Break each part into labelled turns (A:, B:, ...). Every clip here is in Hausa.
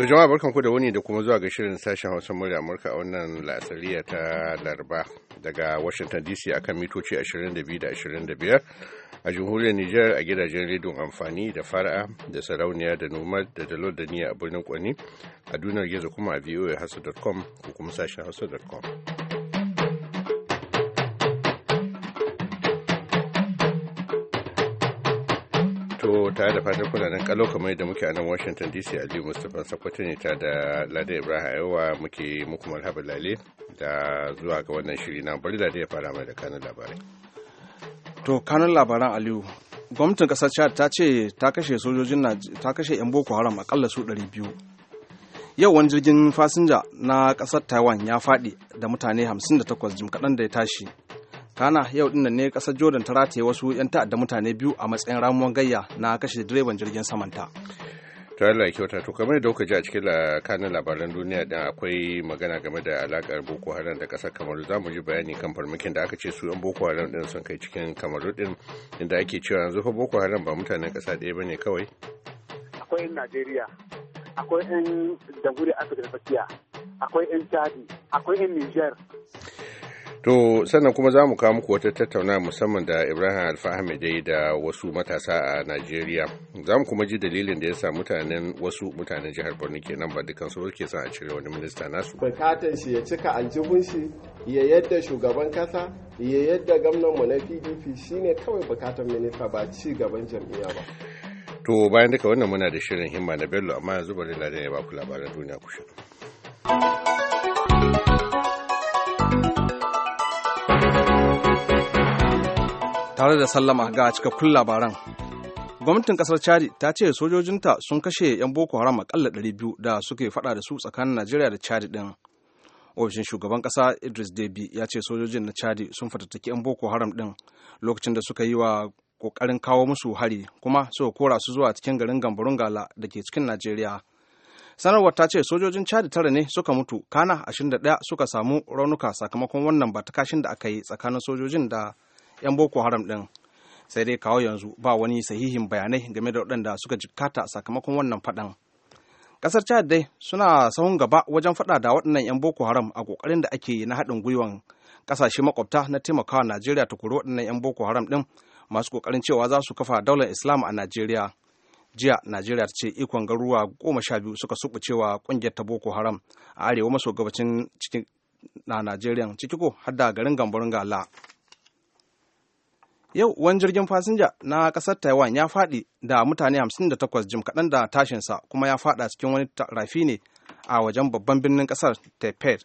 A: To
B: jama'a ku da wani da kuma zuwa ga shirin sashen Hausa murya Amurka a wannan la'asariya ta Laraba daga Washington DC akan mitoci 22 da 25 a jamhuriyar Nijar a gidajen rediyon amfani da fara'a da sarauniya da noma da dalol da niyya a birnin Kwani a duniyar gizo kuma a voahausa.com ko kuma sashen hausa.com. tare da fatan kuna nan kalau kamar da muke a nan Washington DC Aliyu Mustapha Sakwato ne ta da Lada Ibrahim Aiwa muke muku marhaba lale da zuwa ga wannan shiri na bari Lada ya fara mai da kanun labarai.
C: To kanun labaran Aliyu gwamnatin kasar Chad ta ce ta kashe sojojin ta kashe yan Boko Haram akalla su 200. Yau wani jirgin fasinja na kasar Taiwan ya faɗi da mutane 58 jim kaɗan da ya tashi kana yau din ne kasar jordan ta rataye wasu 'yan ta'adda mutane biyu a matsayin ramuwan gayya na kashe direban jirgin samanta
B: to Allah ya kyauta to kamar da kuka ji a cikin kanin labaran duniya din akwai magana game da alakar boko haram da kasar kamaru zamu mu ji bayani kan farmakin da aka ce su yan boko haram din sun kai cikin kamaru din inda ake cewa yanzu fa boko haram ba mutanen kasa ɗaya bane kawai
D: akwai najeriya akwai yan jamhuriyar afirka da tsakiya akwai yan chadi akwai yan niger
B: To sannan kuma za mu kawo muku wata tattauna musamman da Ibrahim Alfahame dai da wasu matasa a Najeriya. Za mu kuma ji dalilin da ya sa mutanen wasu mutanen jihar Borno kenan ba dukkan su ke son a cire wani minista nasu.
E: Bukatan shi ya cika aljihun shi ya yadda shugaban kasa ya yadda gwamnan mu na PDP shine kawai bukatan minista ba ci gaban jam'iyya ba.
B: To bayan duka wannan muna da shirin himma na Bello amma yanzu bari ladan ya ba ku
C: labaran duniya ku shiga. tare da sallama ga cikakkun labaran gwamnatin kasar chadi ta ce sojojinta sun kashe 'yan boko haram akalla 200 da suke fada da su tsakanin najeriya da chadi din ofishin shugaban kasa idris debi ya ce sojojin na chadi sun fatattaki 'yan boko haram din lokacin da suka yi wa kokarin kawo musu hari kuma suka kora su zuwa cikin garin gambarun gala da ke cikin najeriya sanarwar ta ce sojojin chadi tara ne suka mutu kana 21 suka samu raunuka sakamakon wannan batakashin da aka yi tsakanin sojojin da 'yan boko haram ɗin sai dai kawo yanzu ba wani sahihin bayanai game da waɗanda suka jikkata sakamakon wannan faɗan ƙasar chad dai suna sahun gaba wajen faɗa da waɗannan 'yan boko haram a ƙoƙarin da ake yi na haɗin gwiwan ƙasashe makwabta na taimakawa najeriya ta kori waɗannan 'yan boko haram ɗin masu ƙoƙarin cewa za su kafa daular islam a najeriya jiya najeriya ta ce ikon garuruwa goma sha biyu suka cewa ƙungiyar ta boko haram a arewa maso gabacin cikin na najeriya ciki ko har da garin gambarin gala Yau wani jirgin fasinja na ƙasar Taiwan ya faɗi da mutane 58 jim kaɗan da tashinsa kuma ya faɗa cikin wani rafi ne a wajen babban birnin ƙasar Taipei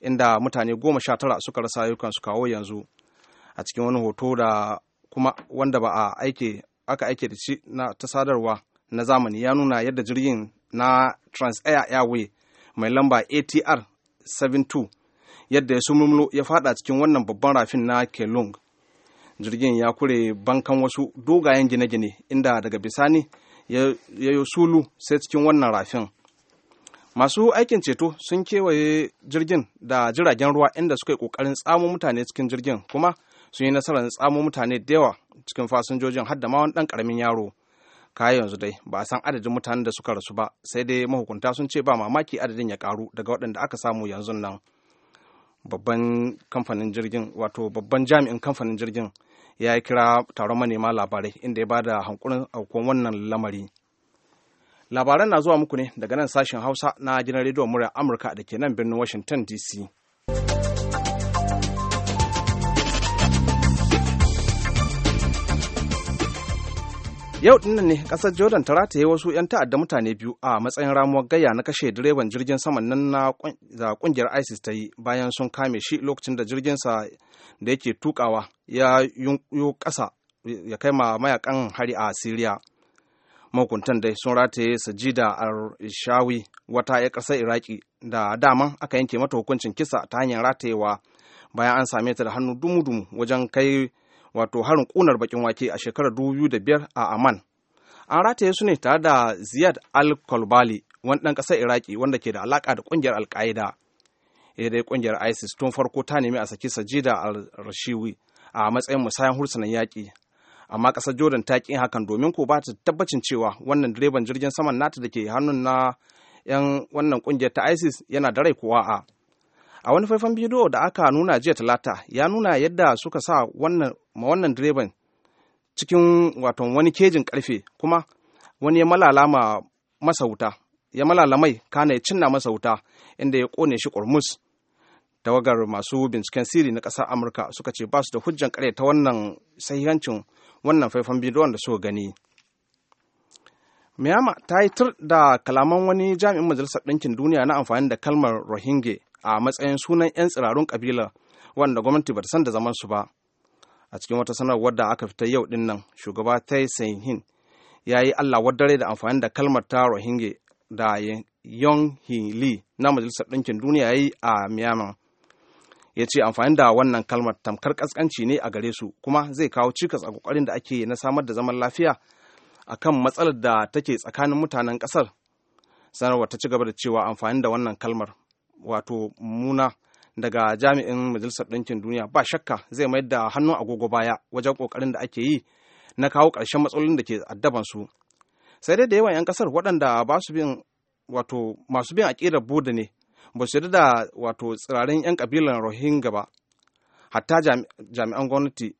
C: inda mutane goma sha tara suka rasa su kawo yanzu a cikin wani hoto da kuma wanda ba a aike aka aike da shi na ta sadarwa na zamani ya nuna yadda jirgin na Transair Airway mai lamba ATR 72 yadda ya ya fada cikin wannan babban rafin na Kelung jirgin ya kure bankan wasu dogayen gine-gine inda daga bisani ya yi sulu sai cikin wannan rafin masu aikin ceto sun kewaye jirgin da jiragen ruwa inda suka yi kokarin tsamo mutane cikin jirgin kuma sun yi nasarar tsamo mutane da yawa cikin fasinjojin har da ma dan karamin yaro kaya yanzu dai ba a san adadin mutanen da suka rasu ba sai dai mahukunta sun ce ba mamaki adadin ya karu daga waɗanda aka samu yanzu nan babban kamfanin jirgin wato babban jami'in kamfanin jirgin ya kira taron manema labarai inda ya ba bada hankurin aukuwan wannan lamari labaran na zuwa muku ne daga nan sashen hausa na gidan rediyon murya amurka da ke nan birnin washington dc yau din ne kasar jordan ta rataye wasu 'yan ta'adda mutane biyu a matsayin ramuwar gaya na kashe direban jirgin saman nan na ƙungiyar kungiyar isis ta yi bayan sun kame shi lokacin da jirgin sa da yake tukawa ya yunkuyo kasa ya kai ma mayakan hari a syria mahukuntan dai sun rataye sajida al-shawi wata ya kasar iraki da dama aka yanke mata hukuncin kisa ta hanyar ratayewa bayan an same ta da hannu dumu-dumu wajen kai wato harin kunar bakin wake a shekarar 2005 a Amman. An rataye su ne tare da Ziyad Al-Kolbali, wani ɗan ƙasar Iraki wanda ke da alaƙa da ƙungiyar Al-Qaeda. Ya dai ƙungiyar ISIS tun farko ta nemi a saki Sajida Al-Rashiwi a matsayin musayan hursunan yaƙi. Amma ƙasar Jordan ta ƙi hakan domin ko ba ta tabbacin cewa wannan direban jirgin saman nata da ke hannun na 'yan wannan ƙungiyar ta ISIS yana da rai kowa a. a wani faifan bidiyo da aka nuna jiya talata ya nuna yadda suka sa ma wannan direban cikin waton wani kejin karfe kuma wani ya malala masa wuta ya malala mai kana ya cinna masa wuta inda ya kone shi kurmus tawagar masu binciken siri na ƙasar amurka suka ce ba su da hujjan kare ta wannan sahihancin wannan faifan bidiyon da suka gani miyama ta yi tur da kalaman wani jami'in majalisar ɗinkin duniya na amfani da kalmar rohingya a matsayin sunan 'yan tsirarun kabila wanda gwamnati bata san da zaman su ba a cikin wata sanarwar da aka fita yau din nan shugaba tai senhin ya yi allah wadare da amfani da kalmar ta rohingya da yong hi na majalisar ɗinkin duniya ya yi a myanmar ya ce amfani da wannan kalmar tamkar kaskanci ne a gare su kuma zai kawo cikas a kokarin da ake na samar da zaman lafiya a kan matsalar da take tsakanin mutanen kasar sanarwar ta ci gaba da cewa amfani da wannan kalmar wato muna daga jami'in majalisar ɗinkin duniya ba shakka zai mayar da hannun agogo baya wajen ƙoƙarin da ake yi na kawo ƙarshen matsalolin da ke addaban su sai dai da yawan 'yan ƙasar waɗanda ba su bin wato masu bin aƙidar buda ne ba su da wato tsirarin 'yan ƙabilar rohingya ba hatta jami'an gwamnati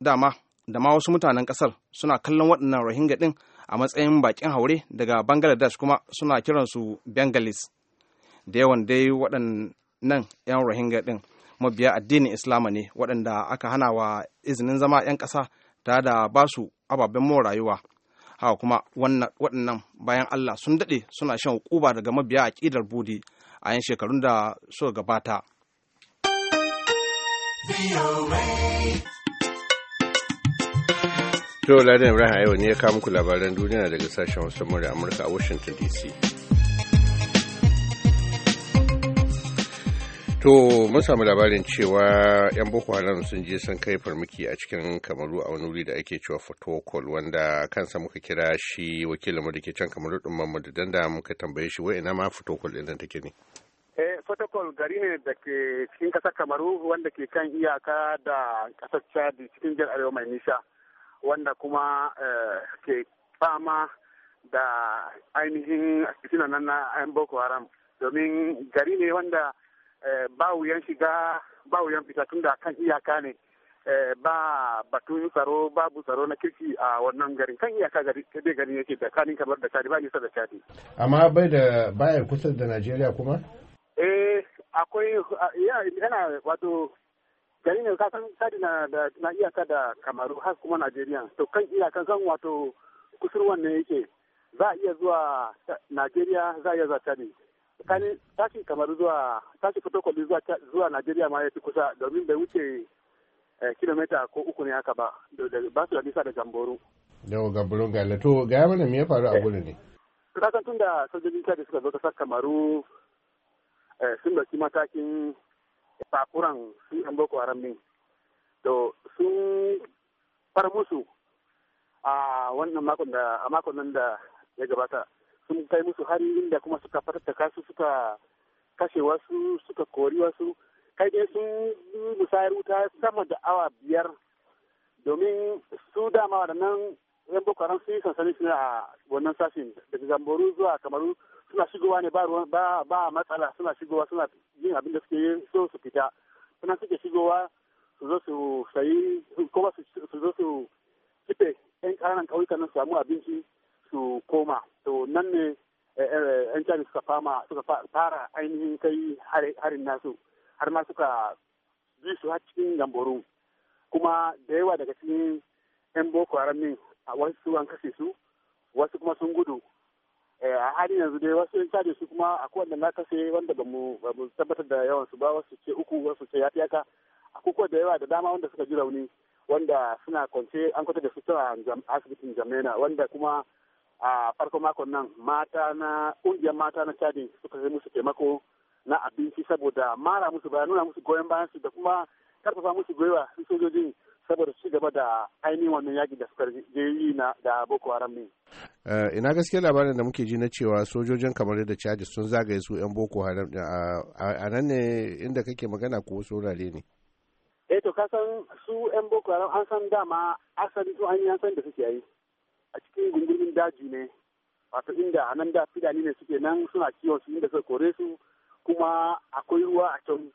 C: dama da ma wasu mutanen ƙasar suna kallon waɗannan rohingya ɗin a matsayin baƙin haure daga bangladesh kuma suna kiransu bengalis da yawan dai waɗannan 'yan rohingya ɗin mabiya addinin islama ne waɗanda aka hana wa izinin zama 'yan ƙasa ta da ba su ababen mawa rayuwa haka kuma waɗannan bayan allah sun daɗe suna shan hukuba daga mabiya aƙidar budi a yan shekarun da suka gabata To da Ibrahim yau ne
B: ya kawo muku labaran duniya daga sashen wasu da Amurka a Washington DC. To mun samu labarin cewa 'yan Boko Haram sun je sun kai farmaki a cikin Kamaru a wani wuri da ake cewa Fotokol wanda kansa muka kira shi wakilinmu da ke can Kamaru ɗin da Danda muka tambaye shi wai ina ma Fotokol ɗin take ne.
D: Eh Fotokol gari ne da ke cikin ƙasar Kamaru wanda ke kan iyaka da ƙasar Chad cikin jihar Arewa mai nisa wanda kuma eh, ke fama da ainihin nan na 'yan Boko Haram domin gari ne wanda Eh, ba wuyan shiga ba wuyan fita tunda kan iyaka ne eh, ba batun tsaro babu tsaro na kirki a wannan garin kan iyaka gari dai gari yake da kanin kamar da tsari ba nisa da cadi amma bai
B: da baya kusa da Najeriya kuma
D: eh akwai yana wato gari ne ka san tsari na na iyaka da Kamaru har kuma Najeriya to kan iyaka zan wato kusurwan ne yake za a iya zuwa Najeriya za a iya zuwa cadi kan tashi kamaru zuwa tashi fotokoli zuwa zuwa najeriya ma ya fi kusa domin bai wuce eh, kilomita ko uku ne haka ba ba su da nisa da gamboru yau
B: gamborun ga to ga ya mana me ya faru a eh. gudu ne
D: kasan tun da sojojin da suka zo kasar kamaru eh, sun dauki matakin fafuran sun yan boko haram ne to sun far musu a wannan makon da a makon nan da ya gabata sun kai musu hari inda kuma suka fatattaka su suka kashe wasu suka kori wasu kai dai sun yi musayar wuta sama da awa biyar domin su dama waɗannan yan boko haram sun yi sansani suna a wannan sashen daga zamboru zuwa kamaru suna shigowa ne ba ba matsala suna shigowa suna yin abin da suke so su fita suna suke shigowa su zo su sayi kuma su zo su kife yan ƙananan ƙauyukan nan su samu abinci su koma to nan ne eh, eh, yan jami suka fama suka fara ainihin kai harin nasu har ma suka bi su har cikin gamboru kuma da yawa daga cikin yan boko haram a wasu an kashe su wasu kuma sun gudu eh, a halin yanzu dai wasu yan jami su kuma akwai wanda na kashe wanda ba mu tabbatar da yawan su ba wasu ce uku wasu ce ya fi haka akwai da yawa da dama wanda suka ji rauni wanda suna kwance an kwata da su ta asibitin jamena wanda kuma a farko makon nan mata na ƙungiyar mata na caji suka kai musu taimako na abinci saboda mara musu baya nuna musu goyon bayan su da kuma karfafa musu gwiwa su sojojin saboda ci gaba da ainihin wannan yaki da suka je yi da boko haram ne.
B: Eh, ina gaske labarin da muke ji na cewa sojojin kamar yadda caji sun zagaye su yan boko haram a nan ne inda kake magana ko wasu ne.
D: eh to kasan su yan boko haram an san dama asali su an yi an san da suke yi a cikin gungumin daji ne wato inda a nan da fidani ne suke nan suna kiwon su inda suka kore su kuma akwai ruwa a can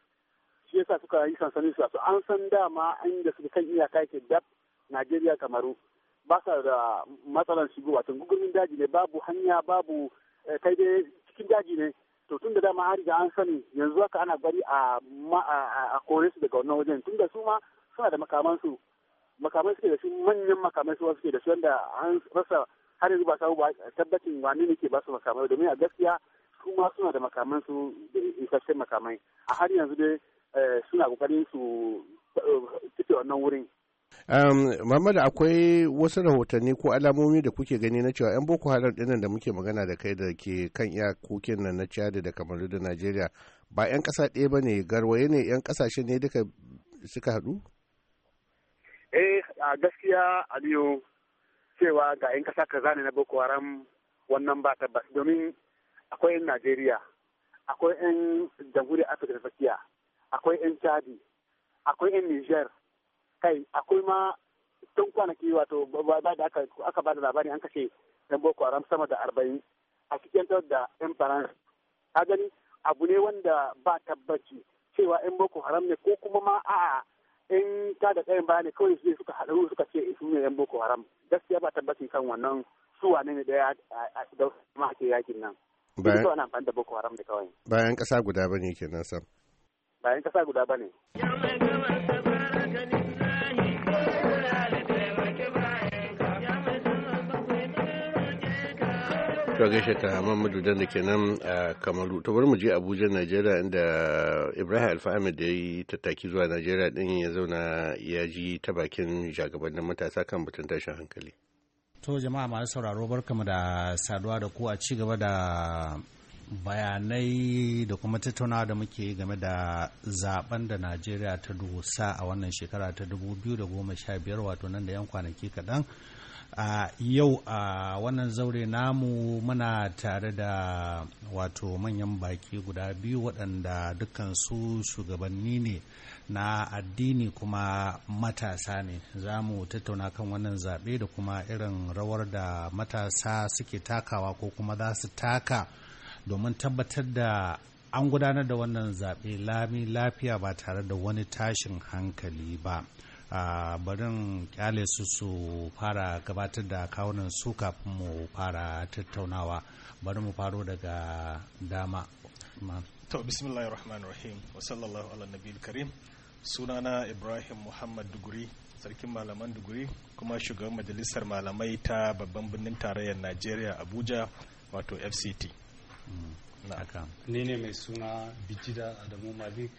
D: shi yasa suka yi sansanin su wato an san dama inda suka kan iyaka yake dab Najeriya Kamaru ba sa da matsalan shigo wato gungumin daji ne babu hanya babu eh, kai dai cikin daji ne to tun da dama har da an sani yanzu haka ana bari a kore su daga wannan wajen tun da su ma suna da makamansu makamai suke da shi manyan makamai su suke da shi wanda an rasa har yanzu ba samu ba tabbacin wani ne ke ba su makamai domin a gaskiya su ma suna da makaman su da isasshen makamai a har yanzu dai eh, suna kokarin su eh, fito wannan wurin
B: Muhammadu akwai wasu rahotanni ko alamomi da kuke gani na cewa 'yan Boko Haram dinnan da muke magana da kai da ke kan iyakokin nan na Chad da Kamaru da Najeriya ba 'yan kasa ɗaya ba ne garwaye ne 'yan ƙasashe ne duka suka haɗu?
D: eh a gaskiya aliyu cewa ga 'yan kasa kaza ne na boko haram wannan ba tabbas domin akwai 'yan najeriya akwai 'yan jamhuriyar afirka da tsakiya akwai 'yan chadi akwai 'yan niger kai akwai ma tun kwanaki wato ba da aka ba da labari an kashe 'yan boko haram sama da arba'in a cikin da 'yan faransa ka gani abu ne wanda ba tabbaci cewa 'yan boko haram ne ko kuma ma a'a in ta da tsayin bayani kawai su suka haɗu suka ce eh, su ne yan boko haram gaskiya ba tabbaci kan wannan su wane ne daya da kuma ake yakin nan bayan ana amfani da boko haram da kawai
B: bayan kasa guda bane kenan sam
D: bayan kasa guda bane
B: to gaishe ta mamadu da ke nan a kamaru to bari mu je abuja najeriya inda ibrahim alfahamid da ya yi tattaki zuwa najeriya din ya zauna ya ji ta bakin shagabannin matasa kan batun tashin hankali
F: to jama'a masu sauraro barkamu da saduwa da ku a ci gaba da bayanai da kuma tattaunawa da muke game da zaben da najeriya ta dusa a wannan shekara ta dubu biyu sha biyar wato nan da yan kwanaki kaɗan a yau a wannan zaure namu muna tare da wato manyan baki guda biyu waɗanda dukansu shugabanni ne na addini kuma matasa ne za mu tattauna kan wannan zaɓe da kuma irin rawar da matasa suke takawa ko kuma za su taka domin tabbatar da an gudanar da wannan zaɓe lami lafiya ba tare da wani tashin hankali ba a barin kyale su su fara gabatar da kawunan su kafin mu fara tattaunawa bari mu faro daga dama
C: to bismillahir rahmanir rahim wa sallallahu ala nabiyil karim sunana ibrahim muhammad duguri sarkin malaman duguri kuma shugaban majalisar malamai ta babban birnin tarayyar najeriya abuja wato fct mm,
A: Ni ne mai suna bijida adamu malik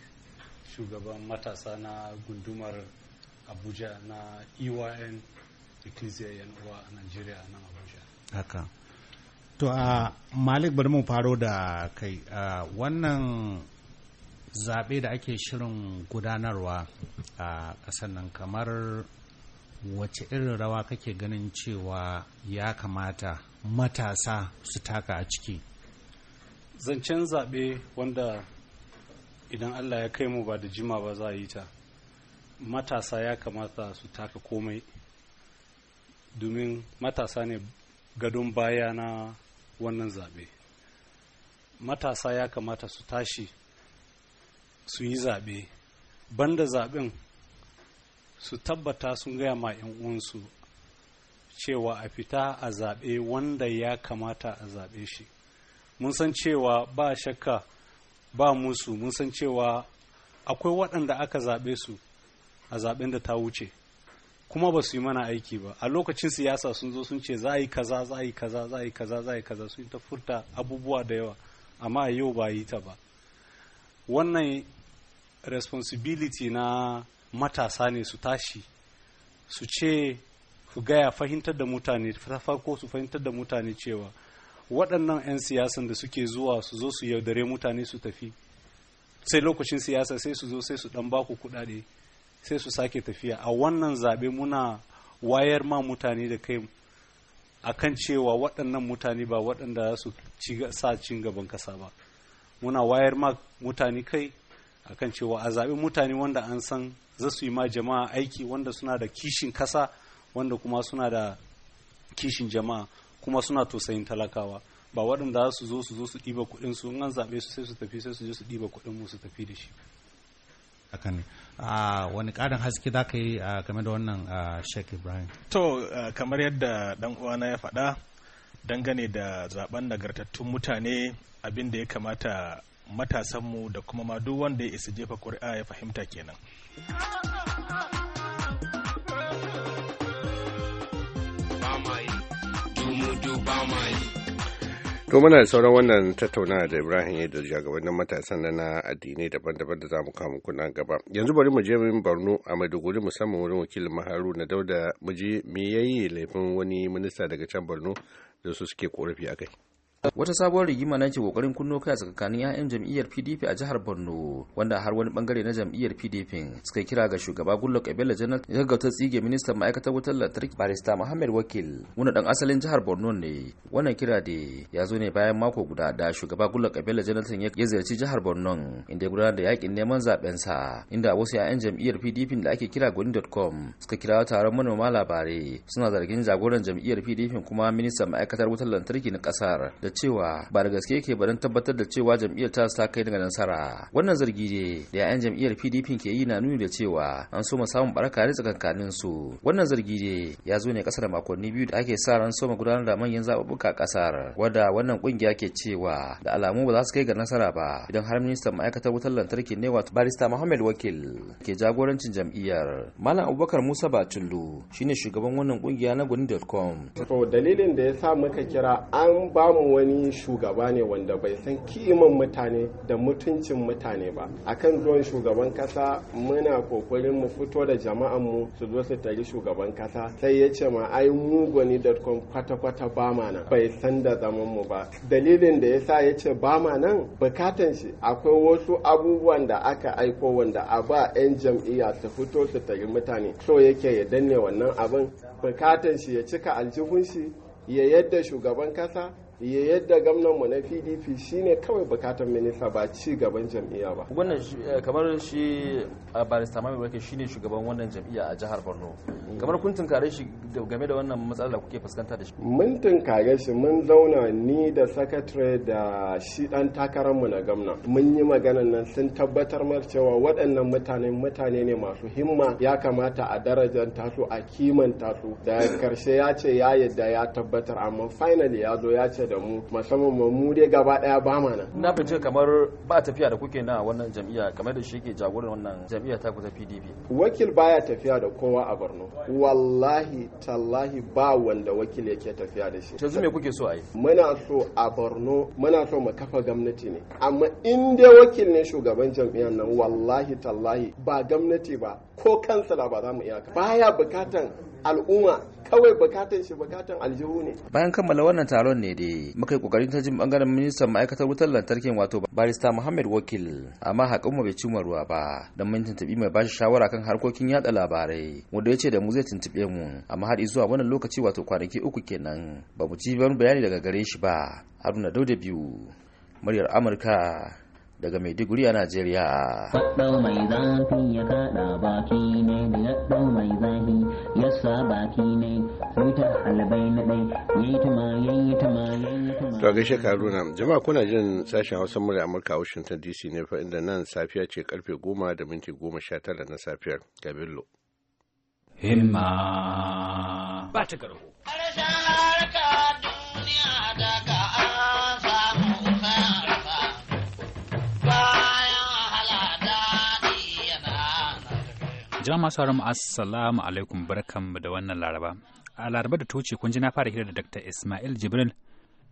A: shugaban matasa na gundumar abuja na eyn ecclesia yan uwa a nigeria nan abuja
F: haka to a malik bari mu faro da kai wannan zaɓe da ake shirin gudanarwa a ƙasar nan kamar wace irin rawa kake ganin cewa ya kamata matasa su taka a ciki
A: zancen zaɓe wanda idan allah ya kai mu ba da jima ba za a yi ta matasa ya kamata su taka komai domin matasa ne gadon baya na wannan zaɓe matasa ya kamata su tashi su yi zaɓe banda zaɓen su tabbata sun gaya ma 'yan uwansu cewa a fita a zaɓe wanda ya kamata a zaɓe shi mun san cewa ba shakka ba musu mun san cewa akwai waɗanda aka zaɓe su a zaben da ta wuce kuma ba su yi mana aiki ba a lokacin siyasa sun zo sun ce za a yi kaza za a yi kaza za a yi kaza za a yi kaza sun ta furta abubuwa da yawa amma yau ba yi ta ba wannan responsibility na matasa ne su tashi su ce su gaya fahimtar da mutane farko su fahimtar da mutane cewa waɗannan 'yan siyasan da suke zuwa su zo su yaudare mutane su tafi sai lokacin siyasa sai su zo sai su ɗan baku kuɗaɗe sai su sake tafiya a wannan zaɓe muna wayar ma mutane da kai a kan cewa waɗannan mutane ba waɗanda za su sa cin gaban kasa ba muna wayar ma mutane kai a kan cewa a zaɓi mutane wanda an san za su yi ma jama'a aiki wanda suna da kishin kasa wanda kuma suna da kishin jama'a kuma suna tausayin talakawa ba waɗanda za su zo su zo su ɗiba kuɗin su an zaɓe su sai su tafi sai su je su ɗiba kuɗin mu su tafi da shi
F: akan ah, wani karin haske za ka yi ah, game da wannan ah, Sheikh Ibrahim.
A: To kamar yadda dan uwana
C: ya faɗa dangane da zaben nagartattun mutane abin da ya kamata matasanmu da kuma ma duk wanda ya isa jefa ƙuri'a ya fahimta kenan.
B: To muna da sauran wannan tattaunawa da Ibrahim Idris shugabannin matasan na addinai daban-daban da za mu kawo kuna gaba. Yanzu bari mu je min barno a Maiduguri musamman wurin wakilin Maharu na Dauda mu je me yayi laifin wani minista daga can
G: Borno da su suke korafi a kai. wata sabuwar rigima na ke kokarin kunno kai a tsakanin 'ya'yan jam'iyyar pdp a jihar borno wanda har wani bangare na jam'iyyar pdp suka kira ga shugaba Gullo ebele janar ya gaggauta tsige ministan ma'aikatar wutar lantarki barista muhammad wakil wani dan asalin jihar borno ne wannan kira da ya zo ne bayan mako guda da shugaba goodluck ebele Janar ya ziyarci jihar borno inda ya gudanar da yakin neman zaben sa inda wasu 'ya'yan jam'iyyar pdp da ake kira gwani.com suka kira taron manoma labarai suna zargin jagoran jam'iyyar pdp kuma ministan ma'aikatar wutar lantarki na kasar da da cewa ba da gaske yake barin tabbatar da cewa jam'iyyar ta ta kai daga nasara wannan zargi ne da 'ya'yan jam'iyyar pdp ke yi na nuni da cewa an soma samun baraka ne tsakankanin su wannan zargi ne ya zo ne kasa da makonni biyu da ake sa ran soma gudanar da manyan zaɓuɓɓuka kasar wadda wannan kungiya ke cewa da alamu ba za su kai ga nasara ba idan har ministan ma'aikatar wutar lantarki ne wato barista muhammad wakil ke jagorancin jam'iyyar malam abubakar musa batullu shine shugaban wannan kungiya na gunin.com to dalilin
E: da ya sa muka kira an ba wani shugaba ne wanda bai san kiman mutane da mutuncin mutane ba akan zuwan shugaban kasa muna kokarin mu fito da jama'an mu su zo su tari shugaban kasa sai ya ce ma ai da kwata-kwata ba ma nan bai san da zaman mu ba dalilin da yasa ya ce ba ma nan bukatan shi akwai wasu abubuwan da aka aiko wanda a ba 'yan jam'iyya su fito su tari mutane so yake ya danne wannan abin bukatan shi ya cika aljihun shi ya yadda shugaban kasa yadda gwamnanmu na pdp shine kawai bukatar minista ba ci gaban jam'iyya ba wannan
G: eh, kamar shi a barista mai wake shine shugaban wannan jam'iyya a jihar borno kamar kun tunkare shi game da wannan matsalar da kuke fuskanta da shi
E: mun tunkare shi mun zauna ni da sakatare da shi dan takararmu na gwamna mun yi magana nan sun tabbatar mar cewa waɗannan mutane mutane ne masu himma ya kamata a darajar tasu a kimanta su da karshe ya ce ya yadda ya tabbatar amma finally ya zo ya ce da mu musamman mu dai gaba daya ba ma nan
G: na fice kamar ba tafiya da kuke na wannan jam'iyya kamar da shi ke jagoran wannan jam'iyya ta ku ta PDP
E: wakil baya tafiya da kowa a Borno wallahi tallahi ba wanda wakil yake tafiya da shi yanzu me
G: kuke so a yi muna
E: so a Borno muna so mu kafa gwamnati ne amma in dai wakil ne shugaban jam'iyyar nan wallahi tallahi ba gwamnati ba ko kansala ba za mu iya baya bukatan al'umma kawai bukatan shi bukatan aljihu ne
G: bayan kammala wannan taron ne dai muka yi kokarin ta jin bangaren ministan ma'aikatar wutar lantarkin wato barista Muhammad Wakil amma hakan mu bai mu ruwa ba dan mun tuntubi mai bashi shawara kan harkokin yada labarai wanda yace da mu zai tuntube mu amma har zuwa wannan lokaci wato kwanaki uku kenan ba mu ci bayani daga gare shi ba Haruna Dauda biyu muryar Amurka daga Maiduguri a Najeriya.
E: Faɗau mai zafi ya kaɗa baki ne da mai zafi ya sa baki ne sai albai na ɗai yayi
H: ta ma yayi ta ma yayi ta ma. To gaishe
B: Kaduna jama'a kuna jin sashen Hausa murya Amurka a Washington DC ne fa inda nan safiya ce karfe goma da minti goma sha tara na safiyar Gabillo.
H: Himma ba ta garho. jama'a masu haramu assalamu alaikum mu da wannan laraba a laraba da toce kun ji na fara hira da dr ismail jibril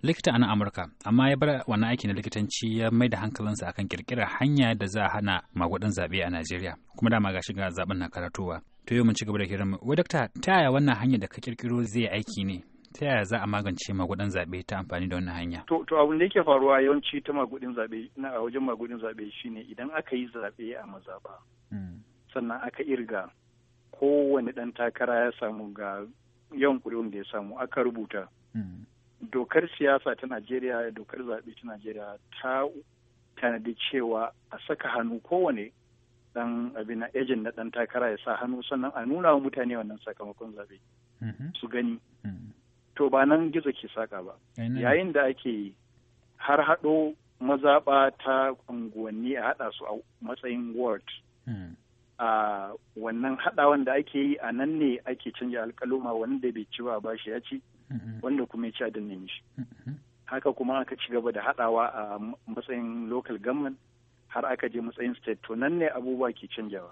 H: likita a nan amurka amma ya bar wannan aiki na likitanci ya mai da hankalinsa akan kirkirar hanya da za a hana magudan zaɓe a najeriya kuma dama ga shiga zaben na karatuwa to yau mun ci gaba da hira mu wai dakta ta yaya wannan hanya da ka kirkiro zai aiki ne ta yaya za a magance magudan zaɓe ta amfani da wannan hanya
I: to to abin da yake faruwa yawanci ta magudin zaɓe na a wajen magudin zaɓe shine idan aka yi zaɓe a mazaba hmm. sannan aka irga kowane ɗan takara ya samu ga yawan kuri'un da ya samu aka rubuta hmm. dokar siyasa ta najeriya dokar zaɓe ta najeriya ta tanadi cewa a saka hannu kowane ɗan abin na ejin na ɗan takara ya sa hannu sannan a nuna wa mutane wannan sakamakon zaɓe hmm. su gani hmm. to ba nan gizo ke saka ba eh, yayin da ake har haɗo mazaɓa ta unguwanni a haɗa su a matsayin ward a wannan haɗawan da ake yi a nan ne ake canja alkaluma wanda bai ci ba shi ya ci mm-hmm. wanda kuma ya ci adin ne shi mm-hmm. haka kuma aka ci gaba da haɗawa a matsayin local government har aka je matsayin state to nan ne abubuwa ke canjawa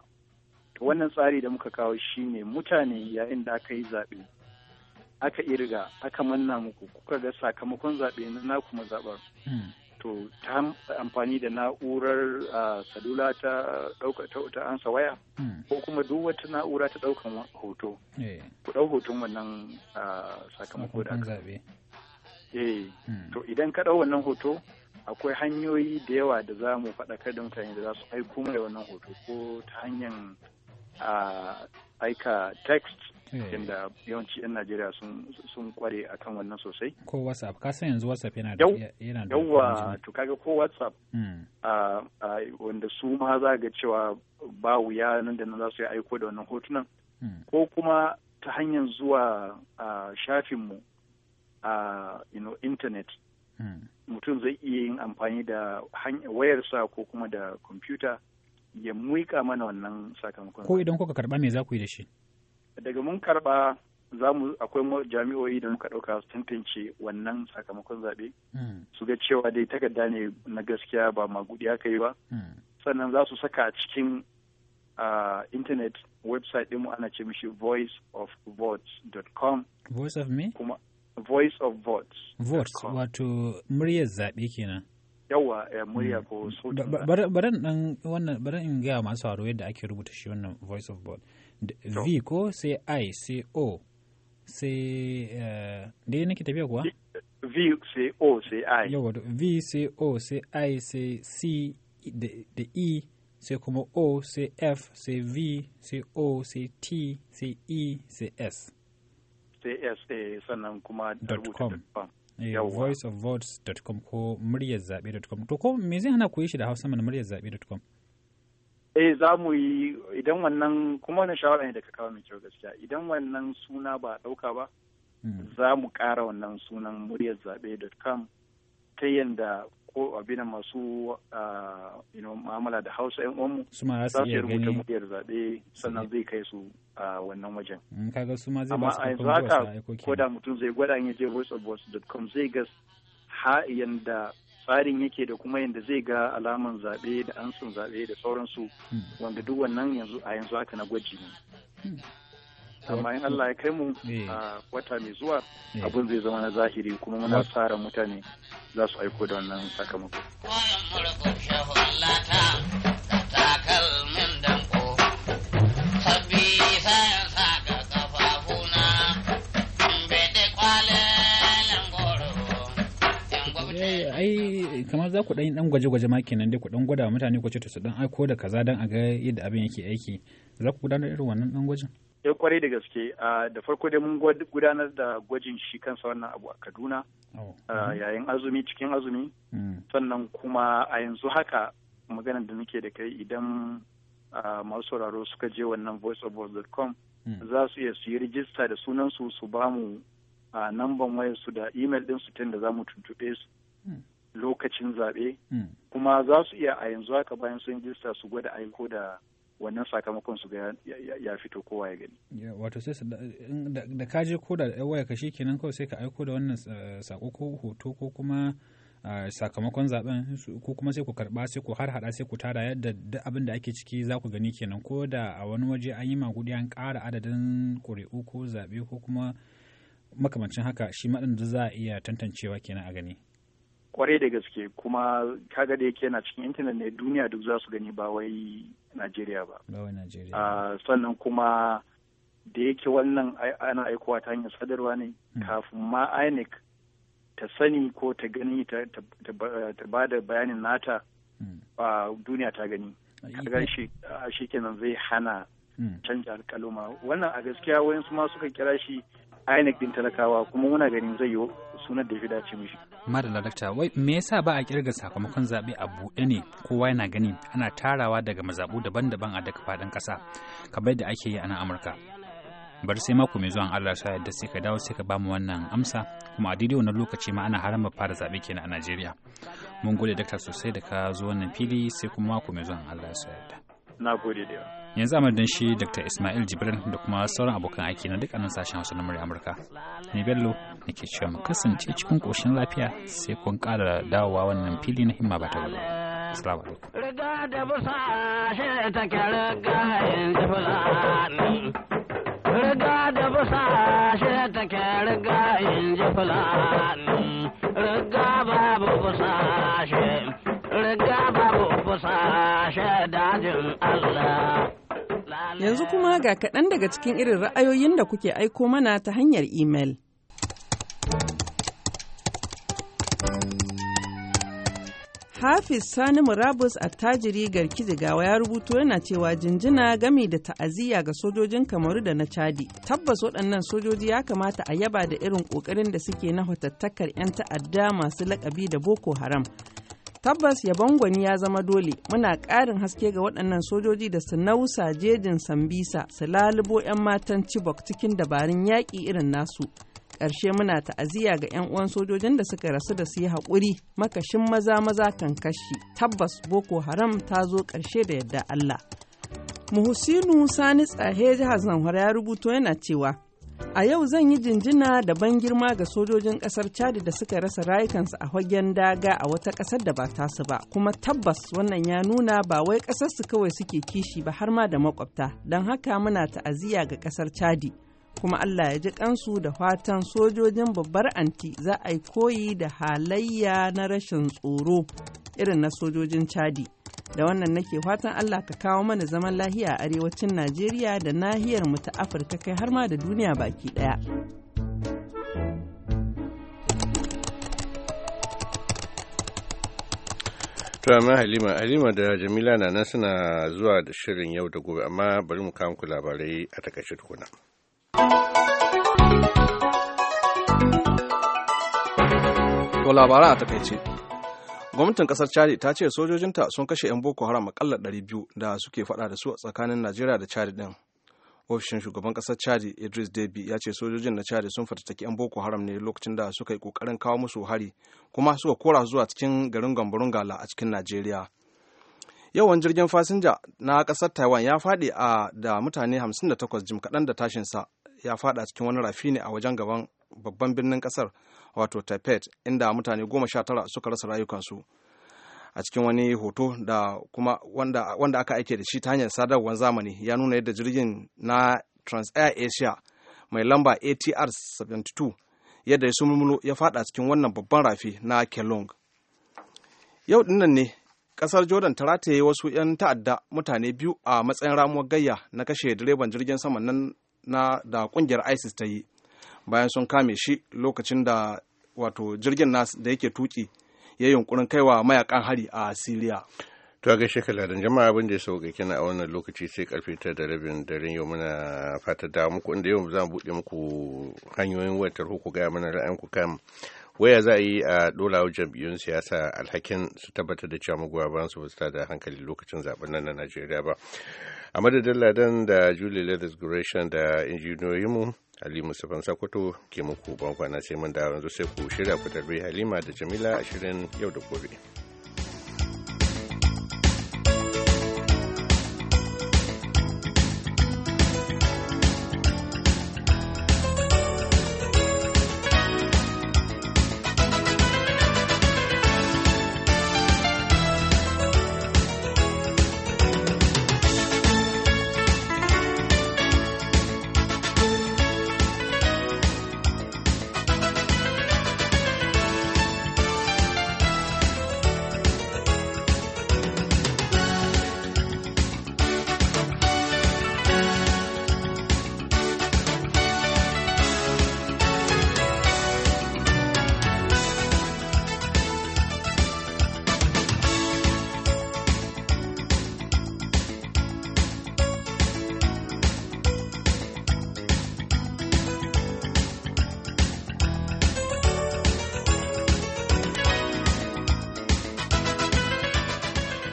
I: to wannan tsari da muka kawo shi ne mutane yayin da aka yi zaɓe aka irga aka manna muku kuka ga sakamakon zaɓe na kuma zaɓar mm. wato ta amfani da na'urar salula ta ta ansa waya hmm. ko kuma duk wata na'ura ta ɗaukan hoto eh. ku ɗau hoton wannan sakamako da aka eh hmm. to idan ka ɗau wannan hoto akwai hanyoyi da yawa da za mu faɗakar da mutane da za su aiko mai wannan hoto ko ta hanyar aika text inda eh. yawanci 'yan najeriya sun kware a kan wannan sosai
H: ko whatsapp ka san yanzu whatsapp yana da da yawa
I: to kaga ko whatsapp hmm. wanda su ma za ga cewa ba wuya nan da nan za su yi aiko da wannan hotunan hmm. ko kuma ta hanyar zuwa shafinmu a intanet hmm. mutum zai iya yin amfani da wayarsa ko kuma da kwamfuta ya muika mana wannan sakamakon. Ko
H: idan kuka karɓa me za ku yi da shi?
I: daga mun karɓa za mu akwai jami'o'i da muka ɗauka su tantance wannan sakamakon zaɓe hmm. su ga cewa dai takarda ne na gaskiya ba magudi aka yi ba hmm. sannan za su saka a cikin intanet website ɗinmu ana ce mishi voiceofvotes.com voice of me? kuma voice of votes
H: votes wato muryar zaɓe kenan
I: yawa eh, murya hmm. ko
H: sautin bari in gaya masu haro yadda ake rubuta shi wannan voice of votes viko sai i sai o sai eh, dai nake tafiya kuwa v sai o sai i yau wato v sai o sai i sai c da e sai kuma o sai f sai v sai o sai t sai e sai s sai s eh, sannan kuma .com. Eh, voiceofvotes.com ko muryar zaɓe.com to ko me zai hana koyi shi da hausa mana muryar zaɓe.com
I: eh za mu yi idan wannan kuma wannan shawara ne da kawo mai kyau gaskiya idan wannan suna ba a ɗauka ba hmm. za mu ƙara wannan sunan muryar zaɓe.com ta yadda ko abin masu ah, mu'amala da hausa yan uwanmu za su rubuta muryar zaɓe sannan zai kai su a wannan wajen.
H: Hmm, kaga su ma zai ba su haka
I: ko da mutum zai gwada in ya je voiceofvoice.com zai ga ha yanda tsarin yake da kuma yadda zai ga alaman zaɓe da ansun zaɓe da sauransu wanda duk wannan yanzu a yanzu haka na gwaji ne amma in Allah ya kai mu eh. a wata mai zuwa eh. abin zai zama na zahiri kuma muna tsara mutane za su aiko da wannan sakamako.
H: ai kamar za ku dan dan gwaje-gwaje ma kenan dai ku dan gwada mutane ku ce to su dan ko da kaza dan a ga yadda abin yake aiki za ku gudanar irin wannan dan gwajin
I: eh kwarai da gaske ah, da farko dai mun gudanar da gwajin shi kansa wannan abu a Kaduna
D: oh, ah, mhm.
I: yayin azumi cikin azumi mm. sannan kuma a yanzu haka magana da nake da kai idan ah, masu sauraro suka je wannan voiceofvoice.com mm. za su iya su yi rijista da sunansu su ba mu a namban wayarsu da imel ɗinsu tun da za mu tuntuɓe su lokacin zaɓe hmm. kuma za su iya a yanzu haka bayan sun jista su gwada aiko da wannan sakamakon su ya fito kowa ya gani.
H: Wato sai da ka je ko da waya ka kenan kawai sai ka aiko da wannan eh, sako ko hoto ko kuma eh, sakamakon zaben ko kuma sai ku karba sai ku har hada sai ku tara yadda duk abin da ake ciki za ku gani kenan ko da a wani waje an yi magudi an kara adadin ƙuri'u ko zaɓe ko kuma makamancin haka shi maɗin da za a iya tantancewa kenan a gani.
I: kwarai da gaske kuma kaga da yake yana cikin intanet ne duniya duk za su gani ba wai najeriya ba ah, sannan kuma da yake wannan ana aikowa ta hanyar sadarwa ne hmm. kafin ma inec ta sani ko ta gani ta ba da bayanin nata hmm. a duniya ta gani kaga shi kenan zai hana hmm. canja alkaloma wannan a gaskiya wayansu ma suka kira shi INEC din talakawa kuma muna ganin zai yi sunan da ya fi dace mishi.
H: Madalla Dakta, wai me yasa ba a kirga sakamakon zaɓe a buɗe ne kowa yana gani ana tarawa daga mazaɓu daban-daban a daga faɗin ƙasa kamar da ake yi a nan Amurka. Bar sai mako mai zuwa Allah sa yadda sai ka dawo sai ka ba mu wannan amsa kuma a daidai wannan lokaci ma ana harama fara zaɓe kenan a Najeriya. Mun gode Dakta sosai da ka zo wannan fili sai kuma mako mai zuwa Allah sa yadda.
I: Na gode da yawa.
H: yanzu a shi dr ismail jibril da kuma sauran abokan aiki na dukkanin sashen hausa na murya amurka ni bello na ke cewa mu kasance cikin koshin lafiya sai kun kara dawowa wannan fili na himma ba ta gaba assalamu
D: riga da busa shi ta ke riga da
J: busa yanzu kuma ga kaɗan daga cikin irin ra'ayoyin da kuke aiko mana ta hanyar imel. Hafiz Sani Murabus attajiri garki jigawa ya rubuto yana cewa jinjina gami da ta'aziyya ga sojojin kamaru da na Chadi. Tabbas waɗannan sojoji ya kamata a yaba da irin ƙoƙarin da suke na hotattakar 'yan ta'adda masu laƙabi da Boko Haram. Tabbas yabon gwani ya zama dole, muna ƙarin haske ga waɗannan sojoji da su nausa jejin Sambisa su lalubo 'yan matan Chibok cikin dabarun yaƙi irin nasu. Ƙarshe muna ta'aziyya ga 'yan uwan sojojin da suka rasu da su yi haƙuri makashin maza maza kan kashi. Tabbas Boko Haram ta zo ƙarshe da yadda Allah. Muhusinu Sani Tsahe jihar Zamfara ya rubuto yana cewa A yau zan yi jinjina da ban girma ga sojojin ƙasar Chad da suka rasa rayukansu a fagen daga a wata ƙasar da ba tasu ba, kuma tabbas wannan ya nuna ba wai ƙasarsu kawai suke kishi ba har ma da makwabta, don haka muna ta'aziyya ga ƙasar Chadi. Kuma Allah ya ji kansu da fatan sojojin babbar anti za a yi koyi da halayya na rashin tsoro irin na sojojin Chadi. Da wannan nake fatan Allah ka kawo mana zaman lahiya a arewacin Najeriya da nahiyar mu ta Afirka kai har ma da duniya baki ɗaya.
B: To amma Halima, Halima da Jamila na nan suna zuwa da shirin yau da gobe amma bari mu kawo muku labarai
C: a takaice tukuna. To labarai a takaice. gwamnatin kasar chadi ta ce sojojinta sun kashe 'yan boko haram akalla 200 da suke fada da su a tsakanin najeriya da chadi din ofishin shugaban kasar chadi idris debi ya ce sojojin na chadi sun fatattaki 'yan boko haram ne lokacin da suka yi kokarin kawo musu hari kuma suka kora zuwa cikin garin gambarungala a cikin najeriya yawan jirgin fasinja na kasar taiwan ya fadi a da mutane 58 jim kaɗan da tashinsa ya fada cikin wani rafi ne a wajen gaban babban birnin kasar wato taipet inda mutane goma sha tara suka rasa rayukansu a cikin wani hoto da kuma wanda, aka aike da shi ta hanyar sadarwar zamani ya nuna yadda jirgin na transair asia mai lamba atr 72 yadda ya sumulmulo ya fada cikin wannan babban rafi na kelong yau dinnan ne kasar jordan ta rataye wasu 'yan ta'adda mutane biyu a matsayin ramuwar gayya na kashe direban jirgin saman nan na da kungiyar isis ta yi bayan sun kame shi lokacin da wato jirgin nas da yake tuki ya yunkurin wa mayakan hari a siriya
B: to a gaishe kaladan jama'a abin da ya sauka kina a wannan lokaci sai karfe ta da rabin daren yau muna fata da muku inda yau za mu buɗe muku hanyoyin watar ku gaya mana ra'ayin ku kan waya za a yi a wa jam'iyyun siyasa alhakin su tabbatar da cewa magoya bayan su ba da hankali lokacin zaben nan na najeriya ba a madadin ladan da julie Ladies gresham da injiniyoyinmu Ali Mustapha Sakoto ke muku ban kwana sai mun da yanzu sai ku shirya ku tarbi Halima da Jamila a shirin yau da gobe.